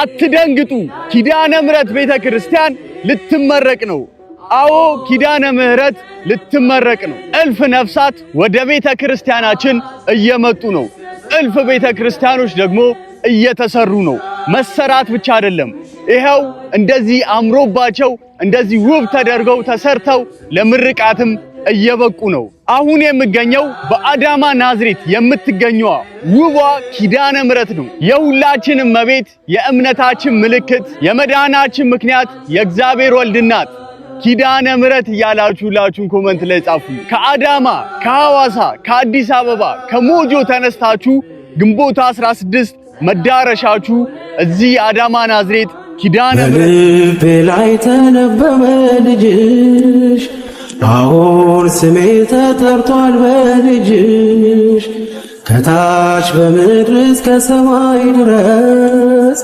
አትደንግጡ፣ ኪዳነ ምሕረት ቤተ ክርስቲያን ልትመረቅ ነው። አዎ ኪዳነ ምሕረት ልትመረቅ ነው። እልፍ ነፍሳት ወደ ቤተ ክርስቲያናችን እየመጡ ነው። እልፍ ቤተ ክርስቲያኖች ደግሞ እየተሰሩ ነው። መሰራት ብቻ አይደለም። ይኸው እንደዚህ አምሮባቸው እንደዚህ ውብ ተደርገው ተሰርተው ለምርቃትም እየበቁ ነው። አሁን የምገኘው በአዳማ ናዝሬት የምትገኘዋ ውቧ ኪዳነ ምሕረት ነው። የሁላችንም መቤት፣ የእምነታችን ምልክት፣ የመዳናችን ምክንያት የእግዚአብሔር ወልድ እናት ኪዳነ ምሕረት እያላችሁ ሁላችሁን ኮመንት ላይ ጻፉ። ከአዳማ፣ ከሐዋሳ፣ ከአዲስ አበባ፣ ከሞጆ ተነስታችሁ ግንቦት 16 መዳረሻችሁ እዚህ አዳማ ናዝሬት ኪዳነ ምሕረት ላይ ተነበበ ልጅሽ አዎ ስሜ ተጠርቷል በልጅሽ ከታች በምድር እስከ ሰማይ ድረስ